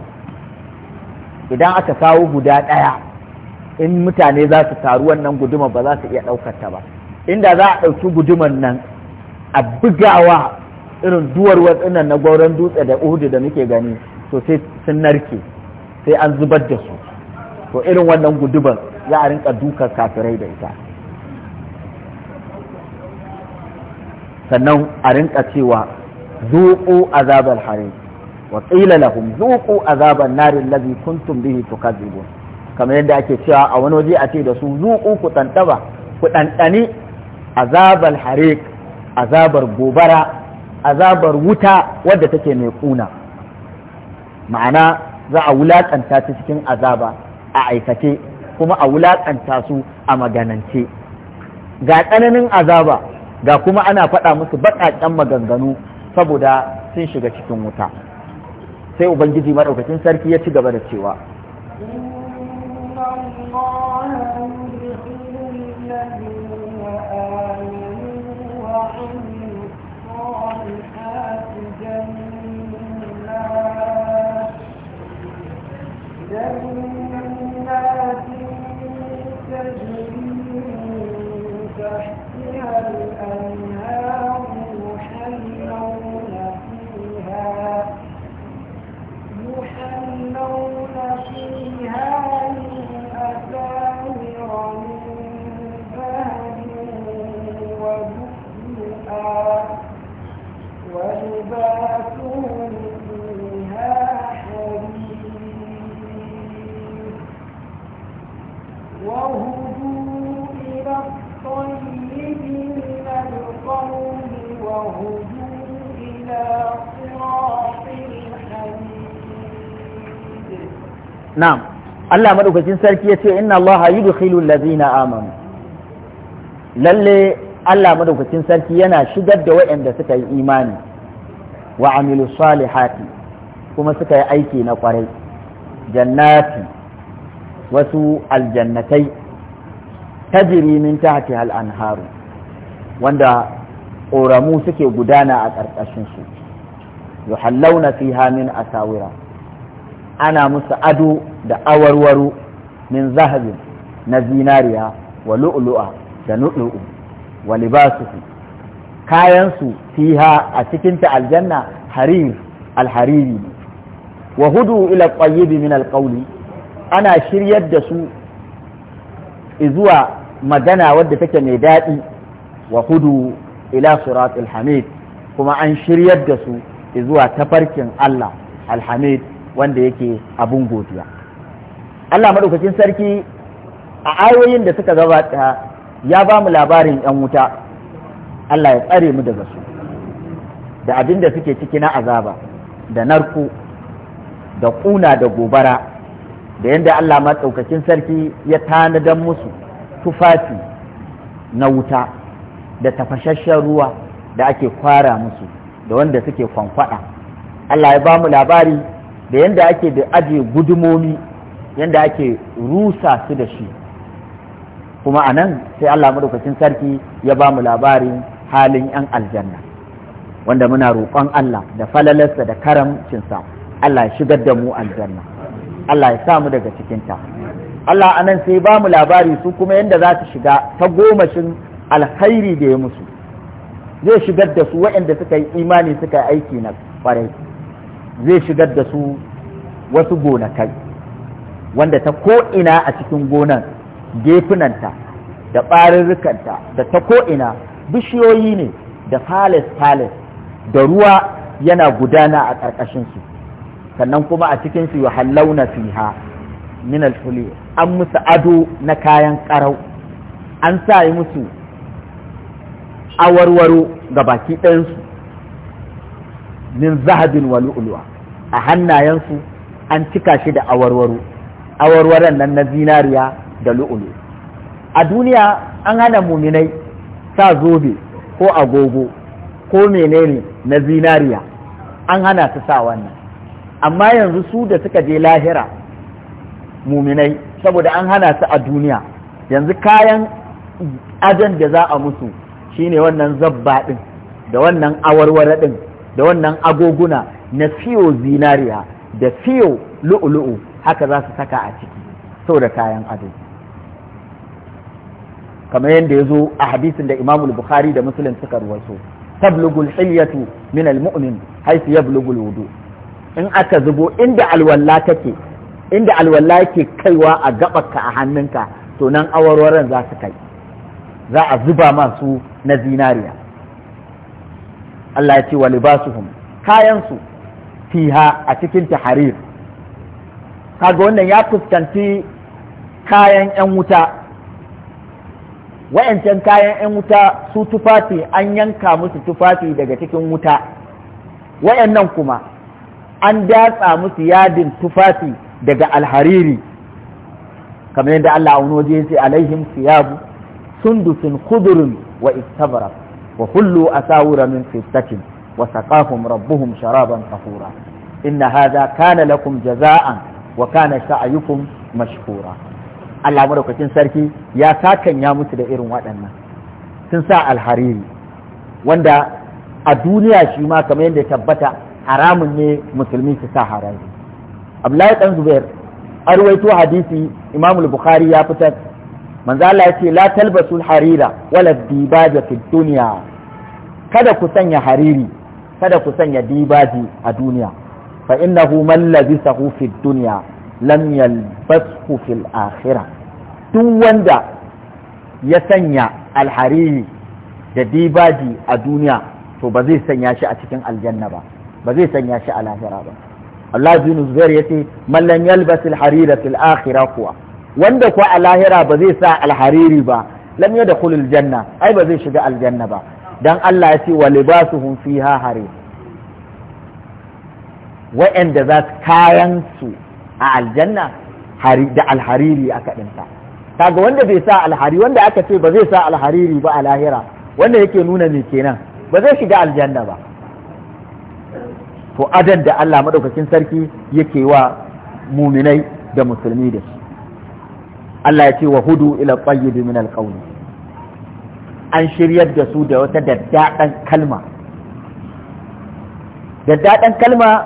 idan aka kawo guda ɗaya in mutane za su taru wannan gudumar ba za su iya ɗaukar ta ba inda za a ɗauki guduman nan a bugawa irin duwar watsinan na gauran dutse da uhudu da muke gani to sai sun narke sai an zubar da su to irin wannan guduman za a rinka dukan kafirai da ita sannan a rinka cewa zuƙu azabal harim wa qila lahum zuqu azaban narin lazi kuntum bihi tukadzibun kamar yadda ake cewa a wani waje a ce da su zuqu ku tantaba ku ɗanɗani azabal hare azabar gobara azabar wuta wadda take mai kuna ma'ana za a wulaƙanta ta cikin azaba a aikace kuma a wulaƙanta su a maganance ga tsananin azaba ga kuma ana faɗa musu baƙaƙen maganganu saboda sun shiga cikin wuta sai ubangiji maɗaukacin sarki ya ci gaba da cewa na'am Allah madaukakin sarki ya ce inna Allah yudkhilul ladzina amanu lallai Allah madaukakin sarki yana shigar da waɗanda suka yi imani wa amilu salihati kuma suka yi aiki na kwarai jannati wasu aljannatai tajiri ta tahti al anharu wanda ƙoramu suke gudana a ƙarƙashinsu yuhallawna fiha min asawira ana musu ado da awarwaro min zahabin na zinariya wa lu'lu'a da nu'lu'u wa libasuhu kayansu fiha a cikinta aljanna harir alhariri ne wa hudu ila qayyibi min alqawli ana shiryar da su zuwa magana wadda take mai daɗi wa hudu ila siratul hamid kuma an shiryar da su zuwa tafarkin Allah alhamid wanda yake abun godiya Allah madaukakin sarki a ayoyin da suka gabata ya ba mu labarin yan wuta Allah ya tsare mu daga su da abin da suke ciki na azaba da narko da ƙuna da gobara da yadda Allah maɗaukakin sarki ya tanadan musu tufafi na wuta da tafashashen ruwa da ake kwara musu da wanda suke kwankwada Allah ya ba mu labari da yanda ake da aje gudumomi yanda ake rusa su da shi kuma a nan sai Allah madaukakin sarki ya ba mu labarin halin 'yan aljanna wanda muna roƙon Allah da falalarsa da karamcinsa Allah ya shigar da mu aljanna Allah ya sa mu daga cikinta Allah a nan sai ba mu labari su kuma yadda za su shiga ta gomashin alkhairi da ya musu zai shigar da su waɗanda suka yi imani suka yi aiki na ƙwarai zai shigar da su wasu gonakai wanda ta ko'ina a cikin gonan gefunanta da ɓarirrikanta da ta ko'ina bishiyoyi ne da palace-palace da ruwa yana gudana a ƙarƙashinsu sannan kuma a cikinsu yi hallauna fiha min alfuli an musu ado na kayan ƙarau an sa yi musu awarwaro ga baki ɗayansu min zahabin wa lu'lu'a a hannayensu an cika shi da awarwaro awarwaron nan na zinariya da lu'ulu a duniya an hana muminai sa zobe ko agogo ko menene na zinariya an hana su sa wannan amma yanzu su da suka je lahira muminai saboda an hana su a duniya yanzu kayan ajan da za a musu shine wannan zabba ɗin da wannan awarwara din. da wannan agoguna na fiyo zinariya da fiyo lu'ulu'u haka za su saka a ciki sau da kayan ado kamar yadda ya zo a hadisin da imamul bukhari da musulun suka ruwaso tablugul hilyatu min almu'min haythu yablugul wudu in aka zubo inda alwalla take inda alwalla yake kaiwa a gabarka a hannunka to nan awarwaran za su kai za a zuba masu na zinariya Allah ya ce wa libasuhum kayansu fiha a cikin taharir kaga wannan ya fuskanci kayan 'yan wuta wa'yancan kayan 'yan wuta su tufafi an yanka musu tufafi daga cikin wuta wa'yannan kuma an datsa musu yadin tufafi daga alhariri kamar yadda Allah a wani waje ya ce alaihim siyabu sundusin kudurin wa istabrak وحلوا أساور من فضة وسقاهم ربهم شرابا طهورا إن هذا كان لكم جزاء وكان سعيكم مشكورا Allah madaukakin sarki ya sakan ya mutu da irin waɗannan sun sa alhariri wanda a duniya shi ma kamar yadda tabbata haramun ne musulmi su sa harari Abdullahi dan arwaito hadisi Imam Bukhari ya fitar manzo Allah ya ce la talbasul harira wala dibaja fid dunya kada ku sanya hariri kada ku sanya dibaji a duniya fa innahu man labisahu fid dunya lam yalbashu fil akhirah duk wanda ya sanya alhariri da dibaji a duniya to ba zai sanya shi a cikin aljanna ba ba zai sanya shi a lahira ba Allah bin Zubair yace man lam yalbas alharira harira fil akhirah kuwa wanda kuwa a lahira ba zai sa alhariri ba lam yadkhul janna, ai ba zai shiga aljanna ba dan Allah ya ce wa libasuhum fiha harir wa'anda za su kayan su a aljanna da alhariri aka Ta kaga wanda bai sa alhari wanda aka ce ba zai sa alhariri ba a lahira wanda yake nuna me kenan ba zai shiga aljanna ba to adan da Allah madaukakin sarki yake wa muminai da musulmi da su Allah ya ce wa hudu ila tsayyidi min alƙauli an shiryar da su da wata daddaɗan kalma daddaɗan kalma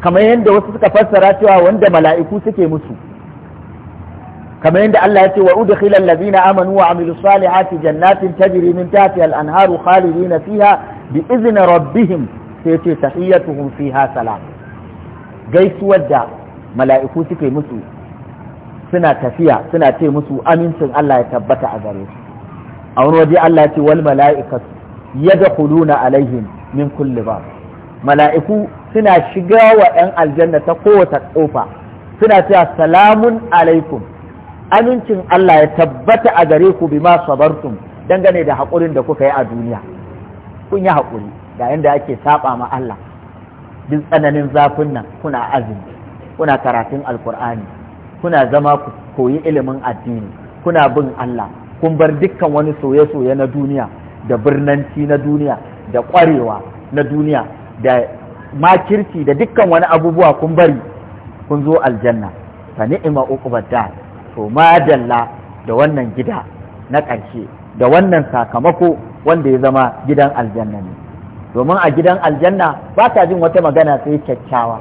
kamar yadda wasu suka fassara cewa wanda mala'iku suke musu kamar yadda Allah ya ce wa udkhila allazina amanu wa amilu salihati jannatin tajri min tahtiha al-anharu khalidina fiha bi izni rabbihim sai ce tahiyyatuhum fiha salam gaisuwar da mala'iku suke musu suna tafiya suna ce musu amincin Allah ya tabbata a gare su a wani waje Allah ya ce wal mala'ikatu yadkhuluna alaihim min kulli ba. mala'iku suna shiga wa 'yan aljanna ta kowace kofa suna cewa salamun alaikum amincin Allah ya tabbata a gare ku bima sabartum dangane da haƙurin da kuka yi a duniya kun yi haƙuri ga inda ake saba ma Allah duk tsananin zafin nan kuna azumi kuna karatun alkur'ani kuna zama ku koyi ilimin addini kuna bin Allah kun bar dukkan wani soye-soye na duniya da birnanci na duniya da ƙwarewa na duniya da makirci da dukkan wani abubuwa kun bari kun zo aljanna fa ni'ima uqbadda to madalla da wannan gida na ƙarshe da wannan sakamako wanda ya zama gidan aljanna ne domin a gidan aljanna ba ta jin wata magana sai kyakkyawa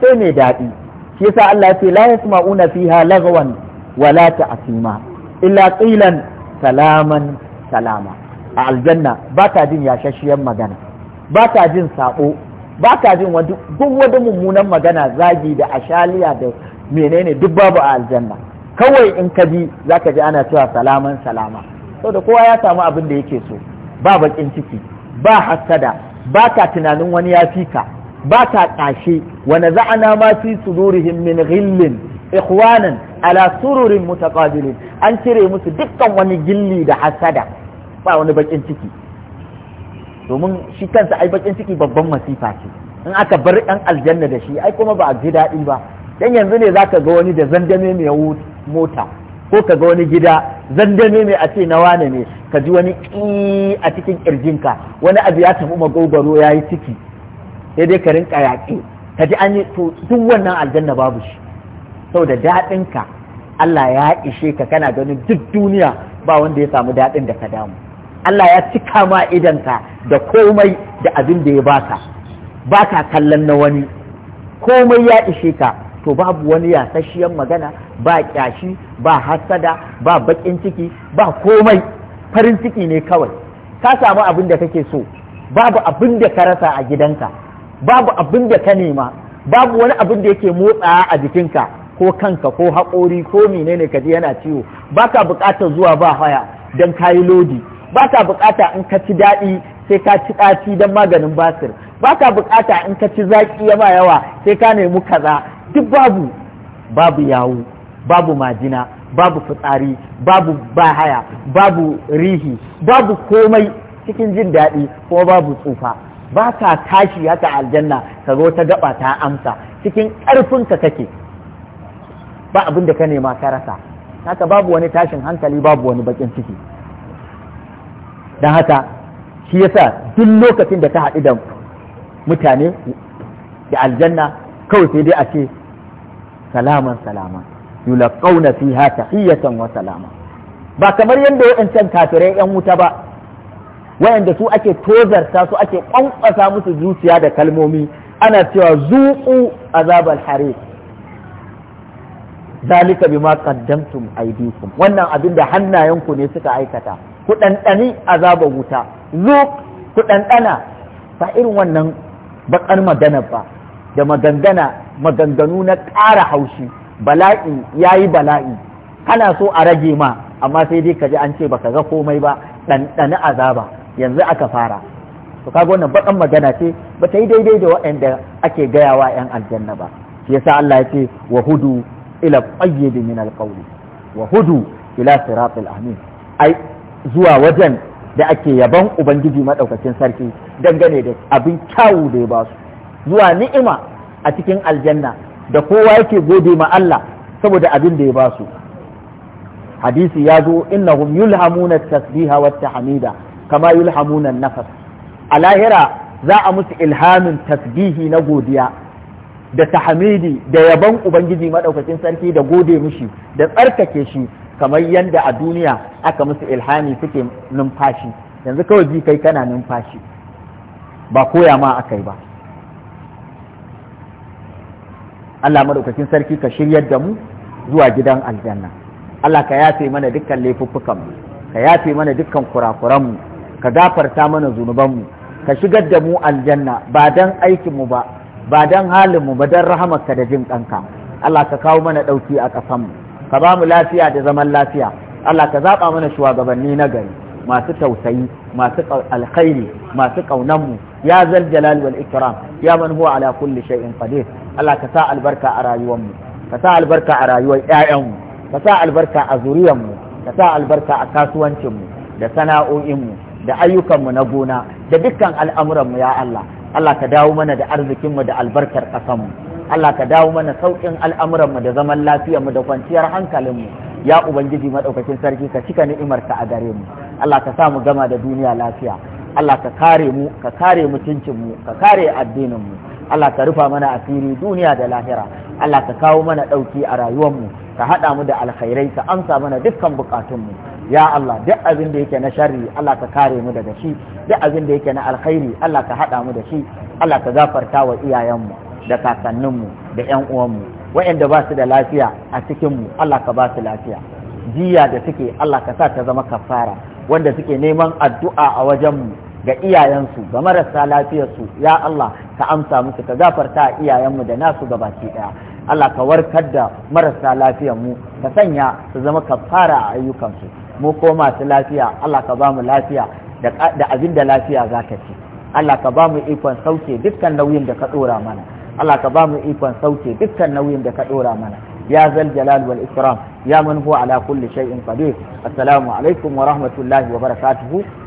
sai mai daɗi shi yasa Allah ce la yasma'una fiha lagwan wala ta'sima illa qilan salaman salama a aljanna ba ta jin yashashiyar magana ba ta jin sabo ba ta jin duk wani mummunan magana zagi da ashaliya da menene duk babu a aljanna kawai in ka bi zaka ji ana cewa salaman salama saboda kowa ya samu abin da yake so ba bakin ciki ba hasada ba ka tunanin wani ya fi ka ba ta ƙashe wa naza'ana ma fi sudurihim min ghillin ikhwanan ala sururin mutaqabilin an cire musu dukkan wani gilli da hasada ba wani bakin ciki domin shi kansa ai bakin ciki babban masifa ce in aka bar ɗan aljanna da shi ai kuma ba a ji daɗi ba dan yanzu ne zaka ga wani da zandame mai mota ko ka ga wani gida zandame mai a ce na wane ne ka ji wani ƙi a cikin ƙirjinka wani abu ya tafi magogaro ya yi ciki sai dai ka rinka yaƙi ka ji an yi to duk wannan aljanna babu shi saboda daɗin ka Allah ya ishe ka kana ganin duk duniya ba wanda ya samu daɗin da ka damu Allah ya cika ma ka da komai da abin da ya baka baka kallon na wani komai ya ishe ka to babu wani yasasshiyar magana ba kyashi ba hasada ba baƙin ciki ba komai farin ciki ne kawai ka samu abin da kake so babu abin da ka rasa a gidanka babu abin da ka nema babu wani abin da yake motsa a jikinka ko kanka ko haƙori ko menene ka ji yana ciwo ba ka buƙata zuwa ba haya don yi lodi ba ka buƙata in ka ci daɗi sai ka ci ɗaci don maganin basir ka buƙata in ka ci zaƙi yama yawa sai ka nemi kaza duk babu babu yawu babu majina babu fitsari babu bahaya babu rihi babu komai cikin jin daɗi kuma babu tsufa ba ta tashi haka aljanna ka zo ta gaba ta amsa cikin ƙarfin ka kake ba abin da ka nema ka rasa haka babu wani tashin hankali babu wani bakin ciki don haka shi yasa duk lokacin da ta haɗu da mutane da aljanna kawai sai dai a ce salaman salaman, salama fi haka, tahiyatan wa salama ba kamar yadda wa'ancan kafirai yan wuta ba wayanda su ake tozarta su ake kwankwasa musu zuciya da kalmomi ana cewa zuku azabal hare zalika bima qaddamtum aydikum wannan abin da hannayenku ne suka aikata ku ɗanɗani azabar wuta zuk ku ɗanɗana ba irin wannan bakar magana ba da magangana maganganu na ƙara haushi bala'i yayi bala'i kana so a rage ma amma sai dai ka ji an ce baka ga komai ba ɗanɗani azaba yanzu aka fara to kaga wannan bakan magana ce ba ta yi daidai da waɗanda ake gayawa yan aljanna ba shi yasa Allah ya ce wa hudu ila qayyid min alqawli wa hudu ila siratil amin ai zuwa wajen da ake yaban ubangiji madaukakin sarki dangane da abin kyawu da ya ba su zuwa ni'ima a cikin aljanna da kowa yake gode ma Allah saboda abin da ya ba su hadisi ya zo innahum yulhamuna tasbiha wa hamida. kama yulhamuna nafas a lahira za a musu ilhamin tasbihi na godiya da ta hamidi da yabon ubangiji madaukakin sarki da gode mishi da tsarkake shi kamar yadda a duniya aka musu ilhami suke numfashi yanzu kawai ji kai kana numfashi ba koya ma aka ba Allah madaukakin sarki ka shiryar da mu zuwa gidan aljanna Allah ka yafe mana dukkan laifuffukan mu ka yafe mana dukkan kurakuran mu ka gafarta mana zunubanmu ka shigar da mu aljanna ba don aikinmu ba ba dan halinmu ba don rahamarka da jin ƙanka Allah ka kawo mana ɗauki a ƙasanmu ka ba mu lafiya da zaman lafiya Allah ka zaɓa mana shugabanni na gari masu tausayi masu alkhairi masu ƙaunanmu ya zal jalal wal ikram ya man huwa ala kulli shay'in qadir Allah ka sa albarka a rayuwarmu ka sa albarka a rayuwar ƴaƴanmu ka sa albarka a zuriyarmu ka sa albarka a kasuwancinmu da sana'o'inmu da ayyukanmu na gona da dukkan al'amuranmu ya Allah Allah ka dawo mana da arzikinmu da albarkar ƙasanmu Allah ka dawo mana sauƙin al'amuranmu da zaman lafiyarmu da kwanciyar hankalinmu ya ubangiji maɗaukakin sarki ka cika ni'imarka a gare mu Allah ka sa mu gama da duniya lafiya Allah ka kare mu ka kare mutuncinmu ka kare addininmu Allah ka rufa mana asiri duniya da lahira Allah ka kawo mana ɗauki a rayuwarmu ka haɗa mu da alkhairai ka amsa mana dukkan buƙatunmu ya Allah duk abin da yake na sharri Allah ka kare mu daga shi duk abin da yake na alkhairi Allah ka haɗa mu da shi Allah ka gafarta wa iyayenmu da kakanninmu da ƴan uwanmu waɗanda ba su da lafiya a cikinmu Allah ka ba su lafiya jiya da suke Allah ka sa ta zama kafara wanda suke neman addu'a a wajenmu ga iyayensu ga marasa lafiyarsu ya Allah ka amsa musu ka gafarta iyayenmu da nasu baki ɗaya Allah ka warkar da marasa lafiyarmu ka sanya su zama kafara a ayyukansu mu ko masu lafiya Allah ka ba mu lafiya da abin da lafiya za ka ci Allah ka ba mu ikon sauke dukkan nauyin da ka ɗora mana Allah ka ba mu ikon sauke dukkan nauyin da ka ɗora mana ya zal jalal wal ikram ya man huwa ala kulli shay'in qadir assalamu alaikum wa rahmatullahi wa barakatuhu